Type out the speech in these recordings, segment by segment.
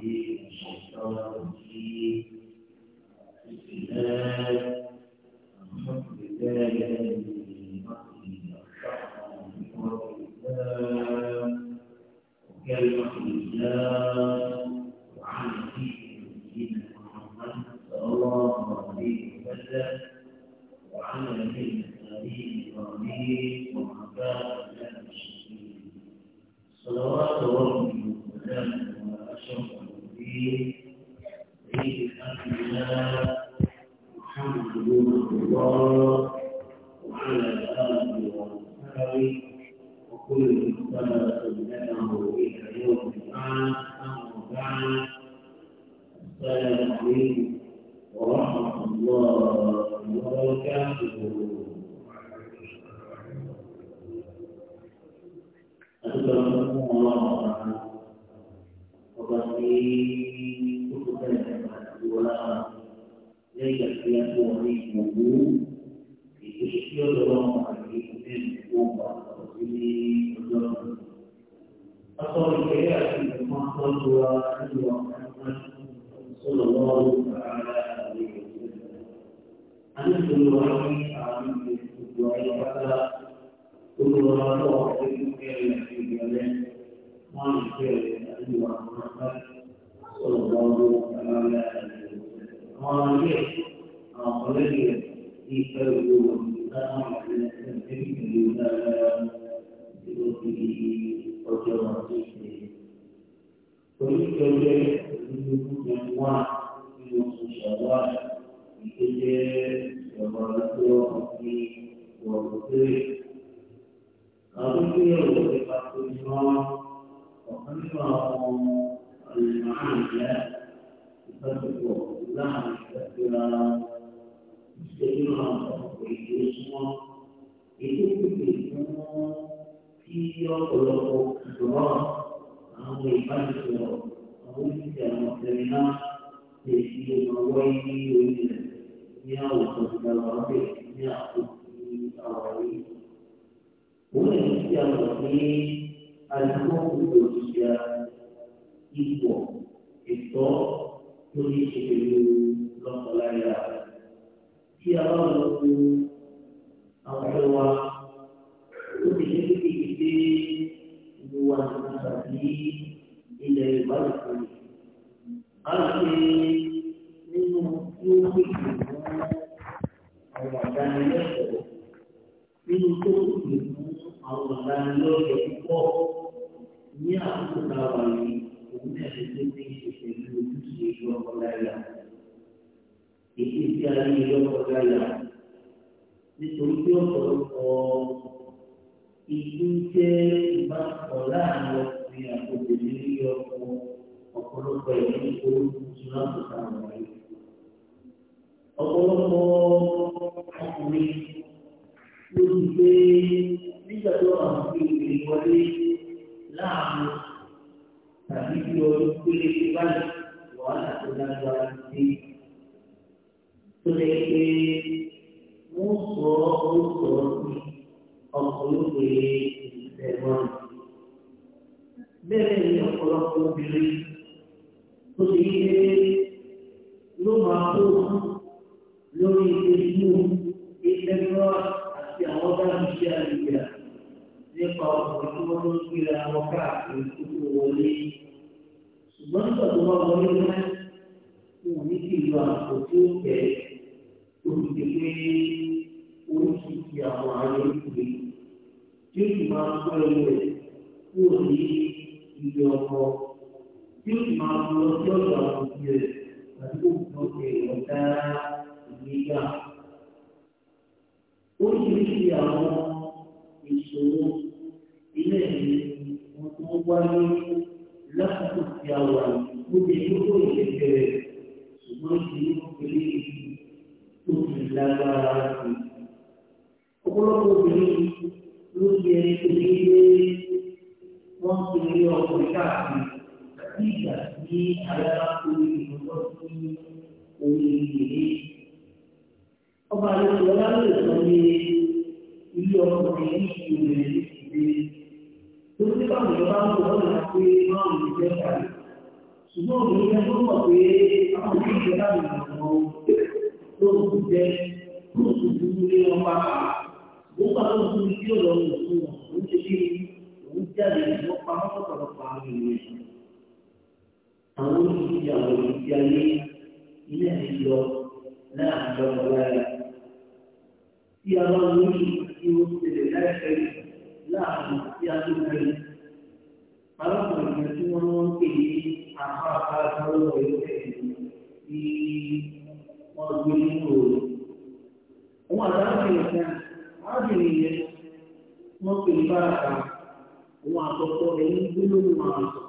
الرجيم الشيطان الرجيم بسم الله الحمد لله الذي بقي الرحمن بقوة الله وكلمة الله وكل مختلف بينه الى يوم البعث اما بعد السلام عليكم ورحمه الله وبركاته أتبعكم الله أفضل الحياة المحضر وأن محمد صلى الله تعالى عليه وسلم أن كل واحد عامل بالدعاء حتى كل واحد وحيد كان في جميع ما يشاء أن محمد صلى الله تعالى عليه وسلم قال أخرجه في كتابه وكتابه على سبيل الله lórí ọjọ́ ọjọ́ ìṣe. Oníkẹ́jẹ́ ìlú wà nínú oṣù Ṣàwá ìkẹ́jẹ́ ìjọba tó ní wọ̀lùkẹ́. Àwọn ilé ìwé ìpa tó ní wọ́n ọ̀kan nínú àwọn àlùmáà ìyá ìbáṣepọ̀ láàrin ìgbàgbéra ìṣẹ́jú àwọn ọ̀pọ̀ ìdílé súnmọ́. Èyí tó kù kí ọ̀pọ̀lọpọ̀ ìṣòro àwọn ìbánisọ̀rọ̀ àwọn oníṣẹ́ àwọn ọ̀sẹ̀rin náà lè fi ọmọ wáyé ní orílẹ̀ ní àwùjọ ìdára ọ̀rẹ́ ní àkókò àwárí. Òun lè fi àwọn ní alùpùpù òṣìṣẹ́ ipò ìtọ́ tó ní ṣe pẹ̀lú lọ́kọ̀láyà. Tí a bá lọ fún àwọn ẹwà sí ilẹ̀ ìbálòpọ̀ yìí. a ń ṣe nínú tí ó pè fún àwọn àdánilẹ́kọ̀ọ́ nínú tó pè fún àwọn àdánilẹ́kọ̀ọ́ púpọ̀ ní àkókò tá a wà yìí òun náà ṣe tó ní ṣe pẹ̀lú ojúṣe lọ́kọ̀láyà. èyí tí a ní lọ́kọ̀láyà nítorí pé ọ̀pọ̀lọpọ̀ ìlú jẹ́ ìbáṣepọ̀ láàrin ọkọ̀ àti àkókò nílé ọkọ ọ̀pọ̀lọpọ̀ ìlú orúkú tí wọ́n kò ká wọ̀ ẹ́. ọ̀pọ̀lọpọ̀ ọkùnrin ló ti gbé nígbà tó àwọn ìgbèrè wọlé láàmú tàbí bí ọdún péré ti báyìí wàhálà tó lágbára ti dé. tó lè pe wọ́n sọ ọ́ sọ ọ́ sí ọkọ̀ ló pe ìṣẹ̀wọ̀n bẹ́ẹ̀ ni ọ̀pọ̀lọpọ̀ obìnrin tó ti yí pé ló máa tó lórí Facebook Instagram àti àwọn bá ti ṣe àlùyà nípa ọkùnrin tí wọ́n ló ń gbéra wọn káàkiri tó tó wọlé. ṣùgbọ́n nígbà tó wá wọlé náà wọn ò ní kí ìlú àpò tí tẹ̀ olùdíje pé ti àwọn ààrẹ ìpè tí ó sì máa ń gbọ́ ẹ̀rọ kúrò ní ilé ọkọ tí ó sì máa ń lọ sí ọ̀dọ̀ àwọn òbí rẹ̀ tàbí kò tó ṣe ọ̀dà ìgbéga. Oríṣiríṣi àwọn ìṣòro ilé ìwé wọn tó wáyé lásìkò tí a wà lóde lóko ìṣẹ̀lẹ̀ rẹ̀ ṣùgbọ́n ìṣèlú kékeré tó ti lágbára rẹ̀. Ọ̀pọ̀lọpọ̀ obìnrin ló ti ẹni tó ní wọ́n ń pè é ọkùnrin káàkiri àti ìgbà tí alára kúrò ìgbọ́dọ̀ sí orí ìdílé. ọba àlejò ọlọ́lẹ̀ sọ ní ilé ọkùnrin ní ìrìn ìdílé. tó ti báwọn ìjọba ń bọ̀ lọ́nà pé máa ń jẹ́ kàrí. ṣùgbọ́n òun yẹ kó mọ̀ pé àwọn òbí ìjọba ń bọ̀ lọ́wọ́ tó ń jẹ́ kó sì dúró lé wọn pàápàá. ó bá lọ́wọ́ tó ń kí ó lọ́wọ́ jáde ìlú pamọ́ pọ̀pọ̀lọpọ̀ àwọn ènìyàn àwọn olùdíje àwọn olùdíje ayé ilé ẹ̀ lọ láàrin lọ́wọ́ lára tí a bá ní tí ó ṣẹlẹ̀ láìpẹ́ láàrin tí a tó kẹ́lẹ̀ arákùnrin kan tí wọ́n ń pè ní àpáàpá àtàwọn ìlú tí wọ́n gbé nínú òòrùn. Wọ́n àtàwọn ènìyàn kan, arábìnrin yẹn wọ́n pè ní bára kan òun àtọkọ rẹ gbólóhùn àtọ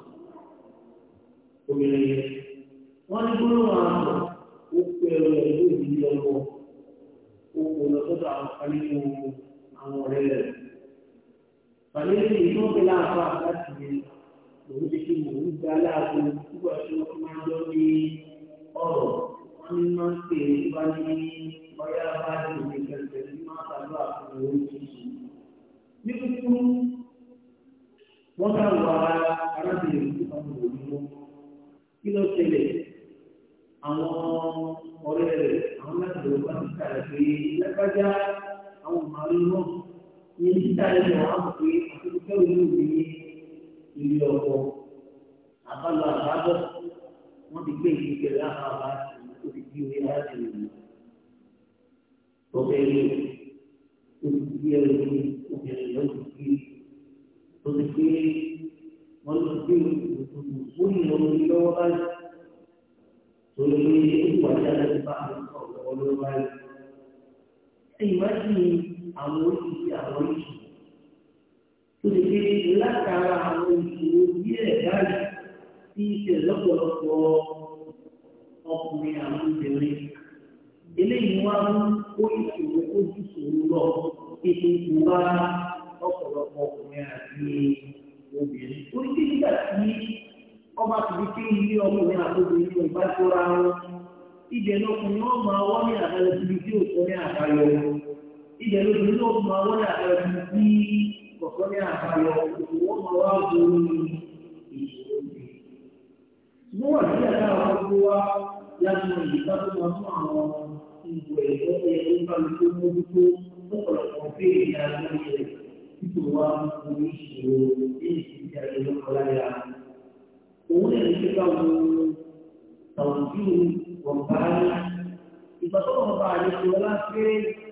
obìnrin yẹn wọn ní gbólóhùn àtọ ó pe ẹrọ ẹgbẹ́ ìdílé ọkọ ó kò lọ sọ́dọ̀ àwọn kan nínú àwọn ọ̀rẹ́ rẹ pàdéjì ìlú òkè láàbà láti yẹ ti fi mò gba aláàbò nígbà tí wọn máa ń ní ọ̀rọ̀ wọn ní máa ń pè é wá ní báyà bá dùn ní kẹsẹ ní máa ń tàbí àfihàn orí tuntun ní kúkú wọ́n sá wà arábìnrin tó bá wò ní wọn. kí ló ṣẹlẹ̀ àwọn ọ̀rẹ́ rẹ̀ àwọn láti lọ bá ti kàlẹ̀ pé lágbájá àwọn màálù náà ní títà lẹ́nu àpòpé àtúntò ìlú mi ní ilé ọkọ àbálọ àbábọ̀ wọ́n ti gbé ìgbésẹ̀ láàbà bá tó ti di orí arábìnrin mi. ọbẹ̀ yìí ó ti di ẹrù mi obìnrin yóò ti tó ti pé wọ́n lọ sí òkú ìlú orí lọ́wọ́ báyìí tó lè ní ìwà ìyára ti bá àwọn ọ̀pọ̀ lọ́wọ́ báyìí. ẹ̀yìn wá sí àwọn oríṣiríṣi àwọn ìṣòro tó ti pé látara àwọn ìṣòro bí báyìí tí ìṣẹ̀ lọ́pọ̀lọpọ̀ ọkùnrin àwọn obìnrin eléyìí wá mú ó ìṣòro ó jù lọ ètò ìwà ti obìnrin. Orí tí nígbà tí ọba tìbí pé ilé ọkùnrin àtòbìnrin ní ìbá tóra wọn, ibẹ̀ lọkùnrin wọn máa wọ́n ní àbáyọ síbi tí òkú ní àbáyọ. Ibẹ̀ lóbìnrin náà máa ní síbi tí ní àbáyọ. wọn máa wá ìṣòro àwọn láti mọ tó máa fún tí kò wá fún ìṣòro ní ìṣèjì àjọyọ̀ kọláyà. Òun náà ní kíkà wo tàwùjú ọ̀báyé. Ìgbà tó wọ́n bá àlejò ọlá pé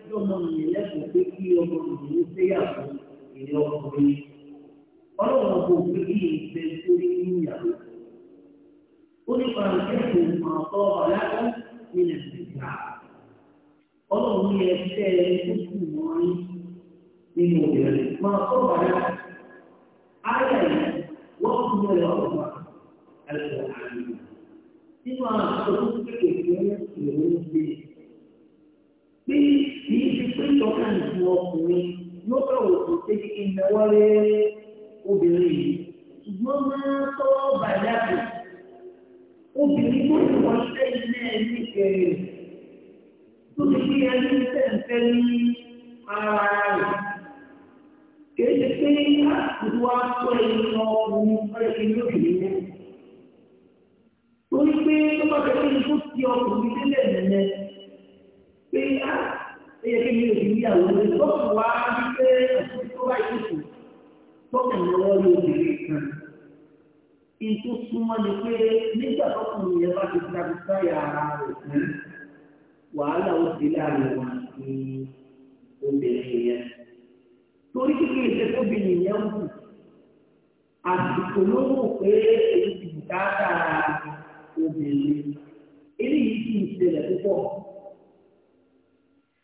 lọ́mọ mi lẹ́kọ̀ọ́ pé kí ọmọ mi ń séyàwó ìrẹ́ ọkùnrin. Ọlọ́run kò fi kí ìgbẹ́ sórí níyàwó. Ó nípa ìkẹ́kọ̀ọ́ máa tọ́ ọ̀làkọ́ nílẹ̀ síta. Ọlọ́run yẹ fẹ́ ẹ nínú obìnrin máa tó padà ayé yìí wọ́n tún mọ̀ ẹ́ ọ̀pọ̀ ẹ̀sọ̀ àmì nínú àwọn àtọ́jú kékeré ìlú ń gbé pé kì í ṣe pé ìjọba ìlú ọkùnrin yóò bẹ̀rù kò ṣe kí ìnáwó rẹ obìnrin yìí ṣùgbọ́n máa tọ́ bàjẹ́ àpò obìnrin tó ti wọ́n ilé ẹni kẹrin tó ti fi ẹni tẹ̀ ń fẹ́ ní. ọkùnrin pé tó bá fẹ́ kí ikú ti ọkùnrin délẹ̀ nẹ̀nẹ̀ pé á ẹyẹ kí mi ò fi àwọn ọmọdé tó kù wá wípé ẹ̀sùn tó bá ìkókò tó kàn ní ní obìnrin kan. Ìtú súnmọ́ ni pé nígbà tọkùnrin yẹn bá ti dábì sáyà ara rẹ̀ fún wàhálà ó ti láàrin wọn ní obìnrin yẹn. Torí kíkì ìṣẹ́kọ̀bìnrin yẹn ń kù àsìkò ló mọ̀ pé èyí ti bùkátà obìnrin eléyìí kì í ṣẹlẹ̀ púpọ̀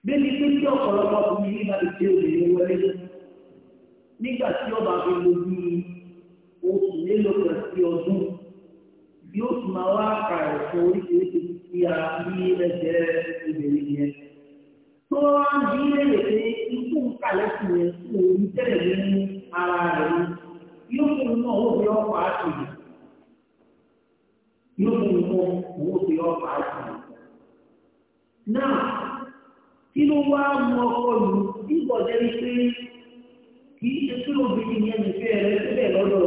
bẹ́ẹ̀ni pé tí ọ̀pọ̀lọpọ̀ ọkùnrin yìí bá ti ṣe obìnrin wọlé nígbà tí ọba fi lo bí oṣù mélòó kan sí ọdún yóò tún máa wá ka ẹ̀sùn oríṣiríṣi sí ara ní ẹsẹ̀ obìnrin yẹn tó wá ń bí lẹ́yìn pé ikú ń kà lẹ́sùn yẹn fún orí tẹ́lẹ̀ nínú ara rẹ̀ ní. yóò fi mú owó tí ó pa á sí i yóò fi mú owó tí ó pa á sí i. náà kí ló wá mú ọkọ lù nígbà jẹ́ pé kì í ṣe kí obìnrin yẹn rẹ sílẹ̀ lọ́dọ̀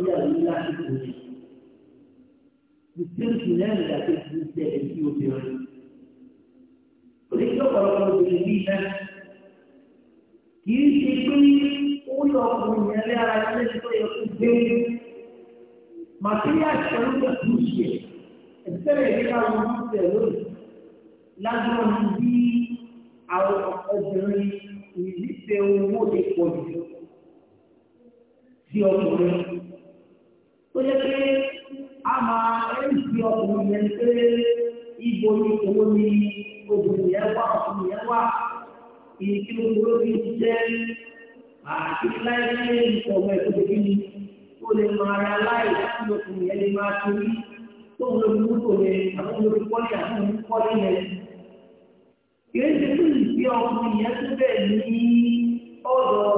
rẹ̀ ṣe mùsùlùmí náà nígbà tó ti ń tẹ̀lé sí obìnrin. Oníṣẹ́ ọ̀pọ̀lọpọ̀ obìnrin bíi náà kì í ṣe pé ó yọ ọkùnrin yẹn lé ara yẹn lẹ́sìn tó yẹ kó gbé. Màtíríà ṣẹlú pẹ̀lú ṣe ẹ̀sẹ̀rẹ̀ nípa wọn ń tẹ̀ lónìí. Lágbọ́n ní bí àwọn obìnrin ìdíje owó ti pọ̀ jù sí ọkùnrin. Ó yẹ pé a máa ń fi ọkùnrin yẹn pé ibo ni owó ni obìnrin yẹn wá ọkùnrin yẹn wá ìkí ló ló fi jẹ́ àti láìpẹ́ ìṣọ̀wọ́ ẹ̀kọ́ tẹ̀lé ni ó lè máa ra láì láti ọkùnrin yẹn lè máa torí tó ń lo ìmúkò yẹn àwọn olórí pọ́lì àti ìmú pọ́lì yẹn. kìí ṣe pé ìgbé ọkùnrin yẹn tó bẹ̀ ní ọ̀dọ̀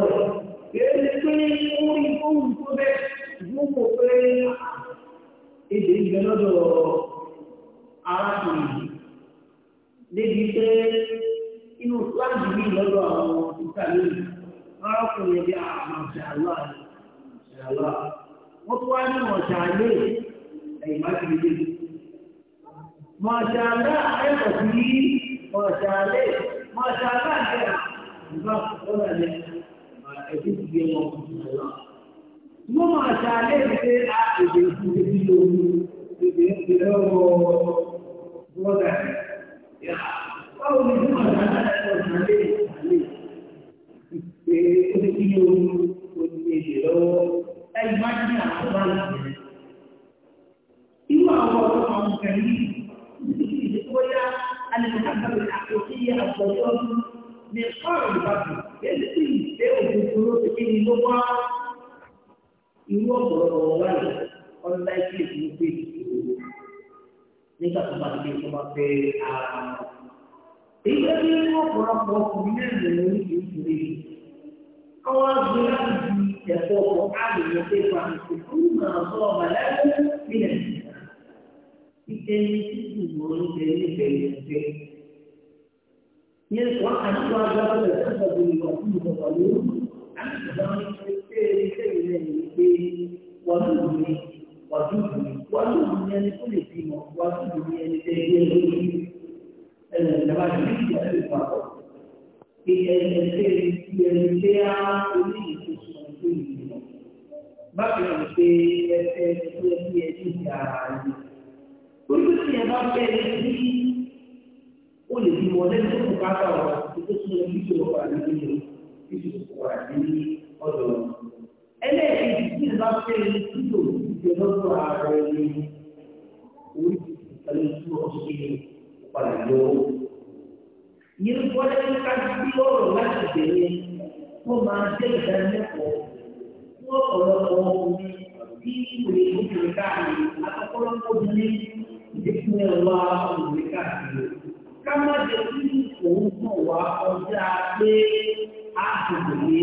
rẹ̀ kìí ṣe pé ó rí ohun tó bẹ̀ gbogbo pé èdè ìgbẹ́ lọ́dọ̀ arákùnrin débi pé inú fúláàgì mi lọ́dọ̀ àwọn ìta lónìí arákùnrin bí àmàṣàlá ah, àmàṣàlá wọ́n tún wá ní ọ̀ṣàlẹ́ ẹ̀yìn má ti lè mọ̀ṣàlá ẹ̀kọ́ sí mọ̀ṣàlẹ́ mo máa ṣe alẹ́ ìdílé á èdè ìdílé bí lóru èdè ìdílé ọ̀rọ̀ bọ́dà báwo ni mo máa ṣe alẹ́ ìdílé alẹ́ ìdílé ìdílé bí lóru òdìdí èdè lọ́wọ́ ẹ̀yìn má ní àwọn bá ń bẹ̀rẹ̀. irú àwọn ọ̀rọ̀ àwọn kẹ̀lí ìdílé ìdíkóyá alẹ́kọ̀ọ́ àkọsí àgbọ̀dọ́ ní ọ̀rọ̀ ìbàdàn yẹ́n ti ìfẹ́ òkùnkùn ló ti kí irú ọ̀pọ̀lọpọ̀ wà ní ọ̀nà ìkíni tí ó gbé ìdìbò nígbà tó bá ti tó bá fẹ́ ara wọn. èyí ló ní irú ọ̀pọ̀lọpọ̀ ọkùnrin náà lè ní ìdílé yìí. àwọn àgbẹ̀ láti di ẹ̀fọ́ ọkọ̀ àgbègbè tó fà mí kò fún ìmọ̀ ọ̀sọ́ ọ̀bà láìpẹ́ nílẹ̀ ìgbà. ìkẹyìn títù mọ́ Yẹn sọ àti wá gbàgbọ́ rẹ̀ sábàbí ìwà fún ìwọ̀n lóru. Àti ìgbà wọn ṣe pé iṣẹ́ ìrẹ́ yìí pé wàdúù ni wàdúù ni wàdúù ni ẹni tó lè bímọ wàdúù ni ẹni tẹ́ ilé lórí. Ẹ̀rọ ìjọba ti ní ìgbà tó pa pọ̀. Ìyẹn ẹ̀ṣẹ̀ ìyẹn ṣé á orí ìṣòṣù ọ̀dọ́ ìgbìmọ̀. Bákan bá fẹ́ ẹni ó lè fi wọlé tó kù ká bá wọn tó tún lè fi ṣòro wà ní ilé fi ṣòro wà ní ọ̀dọ̀ wọn. ẹlẹ́ẹ̀kejì tí ìlú fẹ́ títò ìdíje lọ́dọ̀ ààrẹ ni orí ìpàdé tí wọ́n ṣe padà lọ. ìyẹn wọlé ká sí ọ̀rọ̀ láti bẹ̀rẹ̀ wọ́n máa jẹ́ ìdánilẹ́kọ̀ọ́ fún ọ̀pọ̀lọpọ̀ ọkùnrin ìwé ìwé káàkiri akọ́kọ́rọ́ ní ìdíkùn ká má jẹ kí òun kàn wá ọjà pé a kò lè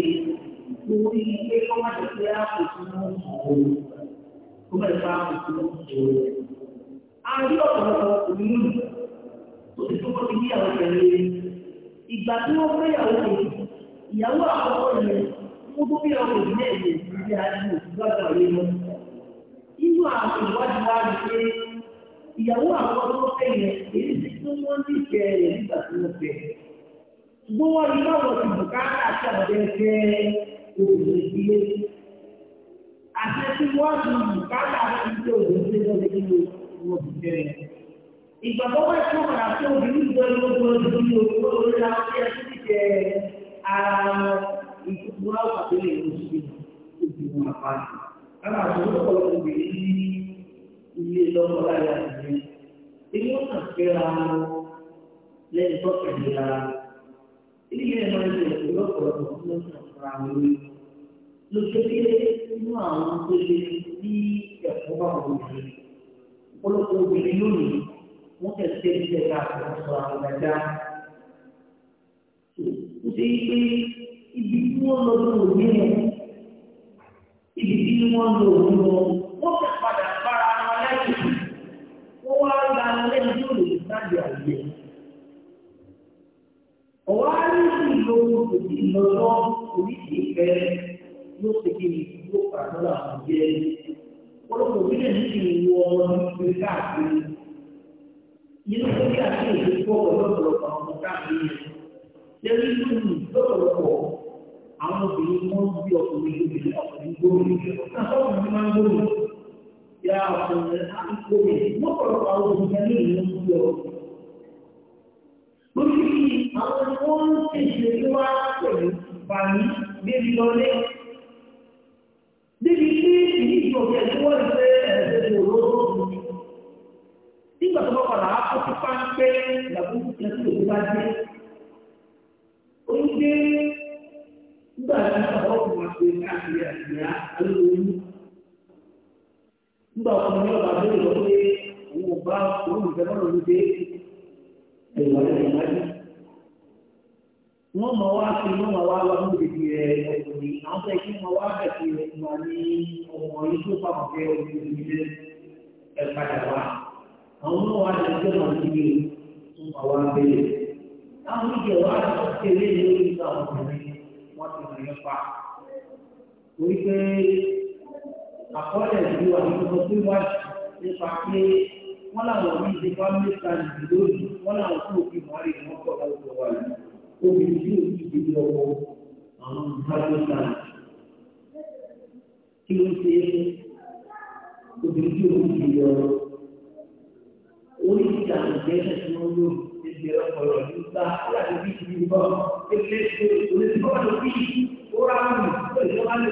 torí pé kọ́ má jẹ pé a kò tún mú òun kó má jẹ pé a kò tún mú òun. a rí ọ̀pọ̀lọpọ̀ òun lù tó ti tó kọ́ níyàwó tẹ̀lé ìgbà tí wọ́n fẹ́ yàwó tẹ̀lé ìyàwó àkọ́kọ́ yẹn mo tó bí ọkọ̀ ìdílé ẹ̀jẹ̀ ìdílé ayé òṣìṣẹ́ ọ̀rẹ́ mọ́. inú àwọn ìwádìí wa rí pé ìyàwó àkọ́kọ́ tó fẹ́ yẹn èyí sì tí wọ́n ní ìfẹ́ rẹ̀ nígbà tí wọ́n fẹ́. Ṣùgbọ́n wọ́n rí báwọn ti bùkátà àti àbẹ̀ fẹ́ obìnrin ìdílé. Àṣẹ tí wọ́n ti bùkátà àti ìdílé obìnrin ìdílé lọ́dẹ kí wọ́n ti fẹ́ rẹ̀. Ìgbà tó wọ́n ti padà sí obìnrin ìjọ ni wọ́n gbọ́dọ̀ sí ní owó lórí àwọn tí ẹ ti ti jẹ ara ìdúgbò àwọn àbẹ̀lẹ̀ ìlú sí obìnrin àpáàdé. Lára àwọn olùkọ́ obìnrin ní ilé lọ́kọ́ láyé àti tenemos una ciudad de oportunidad. Y viene más de seguro por los mundos transformados. Lo que pide es un avance de sí que acoba a un Por lo que hubiera un único, un tercer de la persona que va allá. Sí, sí, y vivimos los mundos bien. Y vivimos los mundos wá gba lẹ́yìn tó lè sáàdì àyè. Ọ̀wá ní ìlò òsì lọ́jọ́ oríṣi ìfẹ́ yóò ṣe kí ni yóò pàtó àwọn jẹ́. Olóko ìbílẹ̀ ní kí ni wọ ọmọ ní ìgbé káàkiri. Inú tó bí àti èdè pọ̀ lọ́pọ̀lọpọ̀ àwọn ọmọ káàkiri. Lẹ́yìn tó ń lọ́pọ̀lọpọ̀ àwọn obìnrin wọ́n bí ọkùnrin lóbìnrin ọkùnrin gbóòrò. Náà sọ́kùnrin máa ń gbóòrò ya àkómi lọ́pọ̀lọpọ̀ àwọn òṣìṣẹ́ ní ìlú ń lọ. Lórí àwọn tí wọ́n ń ṣèṣe tí wọ́n á pẹ̀lú bàmí débi lọlé. Débi pé ìdí ìjọba tí wọ́n ń fẹ́ ẹ̀sẹ̀ tó lọ́wọ́ nígbà tó wọ́n padà á ti páńpẹ́ ìyàwó ìjọba nígbà tí wọ́n bá wọ́n fún wa pé káàkiri àti ìyá alóyún nígbà ọkùnrin ọba lórí lọ pé òun ò bá olùfẹ́ mọ́ lórí dé ẹ̀wà ìrìnàjò wọ́n mọ̀ wá sí wọ́n mọ̀ wá lọ ní ìdí rẹ̀ ọkùnrin àwọn fẹ́ kí wọ́n wá bẹ̀ sí rẹ̀ wà ní ọmọ yìí tó pamọ́ fẹ́ ọkùnrin ilé ẹ̀ padà wá àwọn náà wá lọ sí ọmọ yìí wọ́n mọ̀ wá bẹ̀rẹ̀ táwọn ìjọ wá lọ sí eré lórí ìgbà ọkùnrin wọ́n ti rìn pa orí pé àkọọ́lẹ̀ ìlú àwùjọ tó wà nípa pé wọ́n làwọn ní ìdí fámílì sáàlì lónìí wọ́n làwọn tó òfin mọ́rí wọn kọ́ láwùjọ wà lọ obìnrin tí òfin ìdílé ọkọ àwọn fámílì sáàlì kí ló ṣe é obìnrin tí òfin ìdílé ọkọ oríṣi àgbẹ̀ ẹ̀ tí wọ́n lò ẹgbẹ́ ọpọlọ nígbà aláàbí bí ti bọ́ ẹgbẹ́ oríṣi bọ́ọ̀lù bí ó rà mí ó lè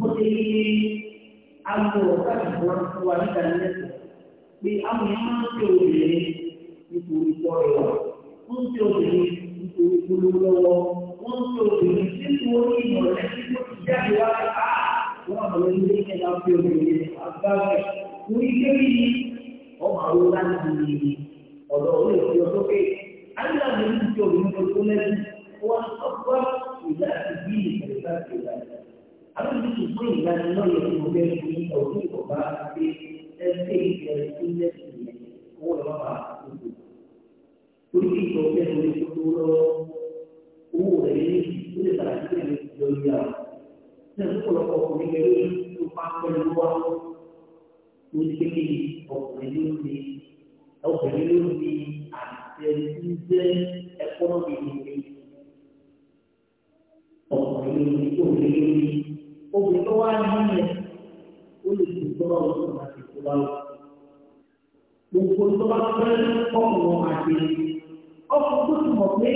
bó ṣe yí aago ọ̀gáàdì wọn fún wa níta nílẹ̀ pé àwọn yẹn máa ń ṣe obìnrin nítorí pọ̀ rẹ̀ wọ́n ń ṣe obìnrin nítorí polówó lọ́wọ́ wọ́n ń ṣe obìnrin nítorí ìmọ̀lẹ́ tí ó ti jáde wá sí a ah, wọ́n àwọn ilé yẹn náà fi obìnrin àgbáwẹ̀ orí kébí ni ọmọ àwọn láti di ọ̀dọ̀ orí òfin ọ̀sọ́kè aláàbò ní ti obìnrin tó tó lẹ́sìn wọ́n á sọ́kọ́ ìlà àti bí ìfẹ̀lẹ́ bá ti rà Apa yang disebut dengan nol yang kemudian ini tahu itu bahwa tapi SD dari sini sini, oh apa itu? Jadi kalau yang boleh sepuluh, oh ini sudah tak ada yang jual. Dan kalau kau punya ini, tu pakai luar, mesti kau punya ini, kau punya ini, ada izin ekonomi ini, kau punya ini, kau punya ini obìnrin tó wá ní ilẹ̀ ó lè fi gbọ́dọ̀ lọ́sọ̀ àti ìkóbá lọ. Gbogbo tó bá fẹ́ ọkùnrin àti ọkùnrin tó ti mọ̀ pé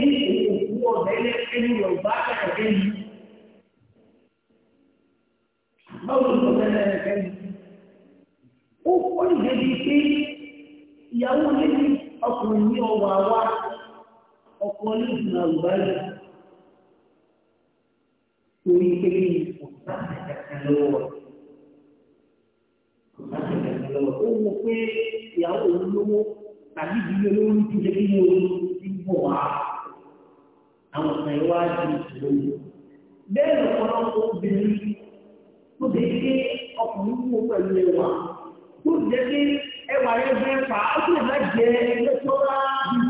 òkú ọ̀dẹ́ ẹni rẹ̀ bá kẹ̀kẹ́ yìí. Báwo ló sọ fẹ́lẹ́ ẹ̀kẹ́ yìí? Ó kọ́ ìdè bíi pé ìyàwó níbi ọkùnrin ní ọwọ́ àwa ọkùnrin ní ìdùnnà àlùbáyà. Torí pé láti kẹ̀kẹ́ lọ́wọ́ láti kẹ̀kẹ́ lọ́wọ́ ó mọ̀ pé ìyàwó olówó tàbí ìdílé olówó ní ìdílé kí ló ti bọ̀ wá àwọn ọ̀sán iwájú ìṣòro bẹ́ẹ̀ lọ́pọ̀lọpọ̀ obìnrin tó dé pé ọkùnrin kú pẹ̀lú ẹwà tó dé pé ẹwà yẹn fẹ́ fà á tó lè má jẹ ẹgbẹ́ tó rá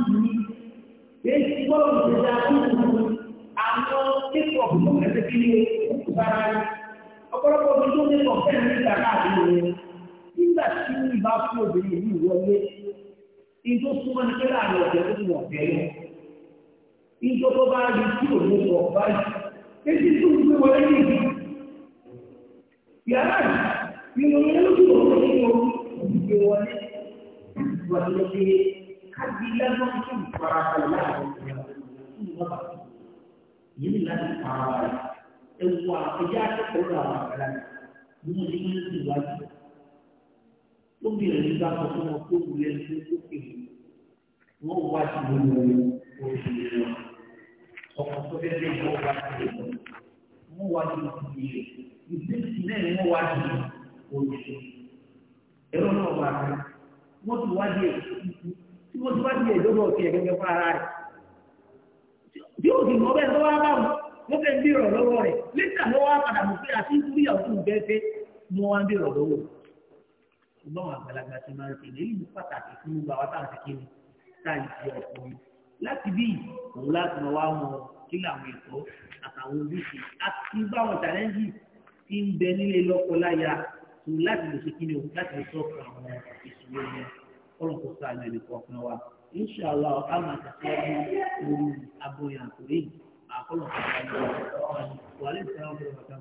bìbì èyí tí bọ́ọ̀lù ti dá kúrò àwọn kíkọ̀ ọ̀gbọ̀n ẹ̀sẹ̀ kí ni ìbára rẹ̀. ọ̀pọ̀lọpọ̀ ọdún tó ní sọ fẹ́ẹ̀ ní ìgbà káàkiri rẹ̀ nígbà tí ìbá fún obìnrin yìí wọlé ìjọ súnmọ́ ní kẹ́lá àwọn ọ̀jẹ̀ tó wọ̀ bẹ́ẹ̀ ìjọ tó bá rí tí ò ní sọ báyìí èsì tó ń gbé wọlé ní ìlú yàrá nínú ẹlòmíràn tó ń gbé ìgbé wọlé wà lóde kájí lágbọ́n tó ń fara kalẹ̀ yìí láti fara balẹ̀ ewu àpèjẹ akẹ́kọ̀ọ́ rẹ̀ àwọn àgbàlá ni wọ́n ti máa ń sìn wájú. lóbìnrin nígbà tó fún wọn kó wulẹ̀ ní sókè wọ́n wá sí gbogbo oṣù wọn ọkọ̀ tó fẹ́ bẹ́ẹ̀ wọ́n wá sí gbogbo wọ́n wá sí gbogbo yìí ìdíjì náà ni wọ́n wá sí oṣù ẹ̀rọ náà wà rẹ̀ wọ́n ti wá díẹ̀ tí wọ́n bí ó sì mọ́ bẹ́ẹ̀ tó wá bá wọn ó fẹ́ bí rọ̀ lọ́wọ́ rẹ̀ lẹ́tà ló wá padà mọ̀ pé àti nítorí ọ̀tún bẹ́ẹ̀ mọ́ wá bí rọ̀ lọ́wọ́ ṣùgbọ́n àwọn àgbàlagbà ti máa ń ṣe èyí pàtàkì fún gbogbo àwọn táwọn kékeré táyì ti ọ̀pọ̀ láti bí òun láti mọ wá mọ kí làwọn ẹ̀kọ́ àtàwọn ojúṣe àti báwọn tàlẹ́ǹtì ti ń bẹ nílé lọ́kọ láya láti lè ṣe kí ni o láti lè sọ àwọn ìṣòro yẹn kọ́lọ́kọ́ inṣàlá ọ̀ká máa tẹ̀síwájú lórí aboyàkùnrin àkọlọ̀ kọ̀ọ̀kan wà lẹ́sẹ̀ ọ̀gbọ̀n